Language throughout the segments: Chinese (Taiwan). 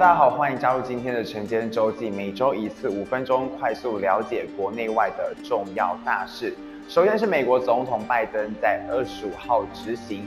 大家好，歡迎加入今天的辰間週記，每周一次，五分鐘快速了解國內外的重要大事。首先是美國總統拜登在二十五號執行。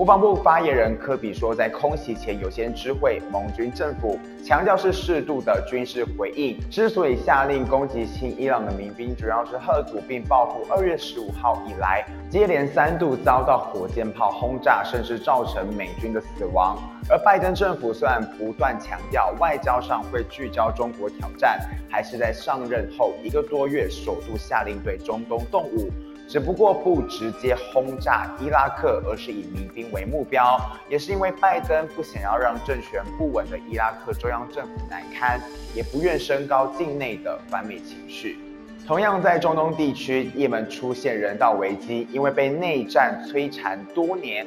國防部發言人科比說，在空襲前，有些人知會盟軍政府，強調是適度的軍事回應。之所以下令攻擊親伊朗的民兵，主要是嚇阻並報復。二月十五號以來，接連三度遭到火箭炮轟炸，甚至造成美軍的死亡。而拜登政府雖然不斷強調外交上會聚焦中國挑戰，還是在上任後一個多月首度下令對中東動武。只不過不直接轟炸伊拉克，而是以民兵為目標，也是因為拜登不想要讓政權不穩的伊拉克中央政府難堪，也不願升高境內的反美情緒。同樣在中東地區，也門出現人道危機，因為被內戰摧殘多年。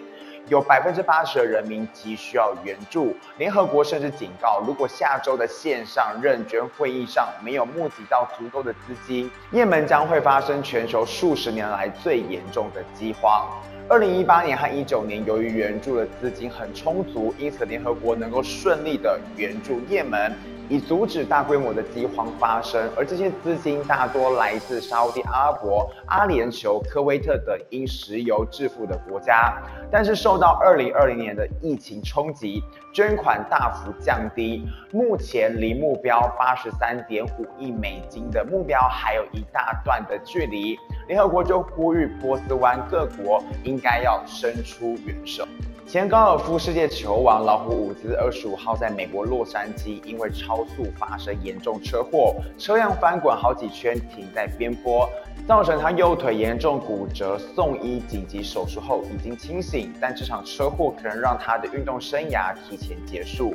有百分之八十的人民急需要援助，聯合國甚至警告，如果下周的線上認捐會議上沒有募集到足夠的資金，葉門將會發生全球數十年來最嚴重的饑荒。二零一八年和一九年，由於援助的資金很充足，因此聯合國能夠順利的援助葉門。以阻止大規模的饑荒發生，而這些資金大多來自沙烏地阿拉伯、阿聯酋、科威特等因石油致富的國家。但是受到2020年的疫情衝擊，捐款大幅降低，目前離目標83.5億美金的目標還有一大段的距離。聯合國就呼籲波斯灣各國應該要伸出援手。前高爾夫世界球王老虎伍茲二十五號在美國洛杉磯因為超速發生嚴重車禍，車輛翻滾好幾圈停在邊坡，造成他右腿嚴重骨折，送醫緊急手術後已經清醒，但這場車禍可能讓他的運動生涯提前結束。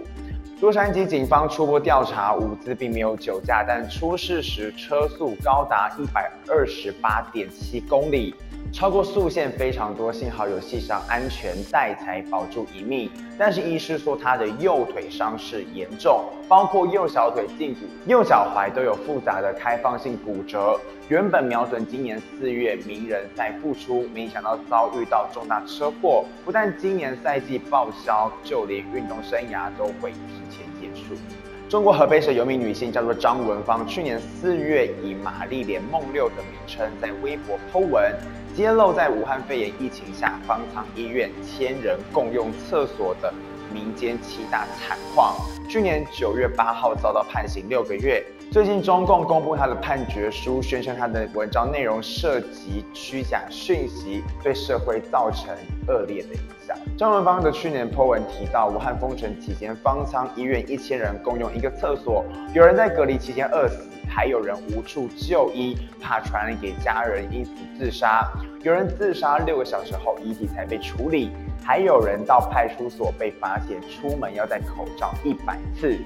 洛杉磯警方初步調查，伍茲並沒有酒駕，但出事時車速高達一百二十八點七公里。超過速限非常多，幸好有繫上安全帶才保住一命。但是醫師說他的右腿傷勢嚴重，包括右小腿脛骨、右腳踝都有複雜的開放性骨折。原本瞄準今年四月名人賽復出，沒想到遭遇到重大車禍，不但今年賽季報銷，就連運動生涯都會提前。中國河北省有名女性叫做張文芳，去年四月以瑪麗蓮夢六的名稱在微博 PO 文，揭露在武漢肺炎疫情下方艙醫院千人共用廁所的民間七大慘況。去年九月八號遭到判刑六個月。最近，中共公布他的判決書，宣稱他的文章內容涉及虛假訊息，對社會造成惡劣的影響，張文芳的去年 PO 文提到，武漢封城期間，方艙醫院一千人共用一個廁所，有人在隔離期間餓死，還有人無處就醫，怕傳染給家人，因此自殺。有人自殺六個小時後，遺體才被處理，還有人到派出所被發現出門要戴口罩一百次。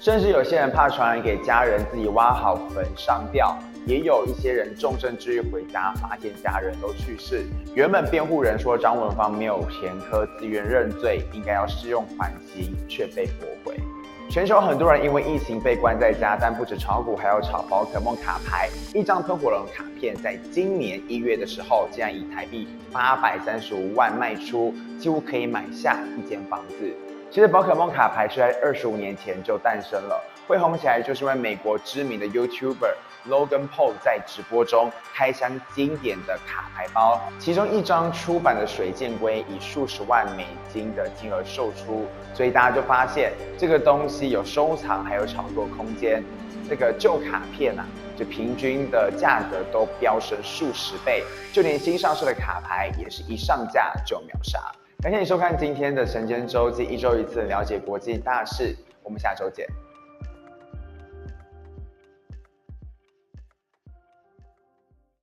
甚至有些人怕傳染給家人，自己挖好墳上吊；也有一些人重症治癒回家，發現家人都去世。原本辯護人說張文芳沒有前科，自願認罪，應該要適用緩刑，卻被駁回。全球很多人因為疫情被關在家，但不止炒股，還要炒寶可夢卡牌。一張噴火龍卡片在今年一月的時候，竟然以台幣八百三十五萬賣出，幾乎可以買下一間房子。其實寶可夢卡牌是在二十五年前就誕生了，會紅起來就是因為美國知名的 YouTuber Logan Paul 在直播中開箱經典的卡牌包，其中一張初版的水箭龜以數十萬美金的金額售出，所以大家就發現這個東西有收藏還有炒作空間，這個舊卡片吶、啊，就平均的價格都飆升數十倍，就連新上市的卡牌也是一上架就秒殺。感謝你收看今天的《晨間週記》，一周一次，了解國際大事，我們下週見。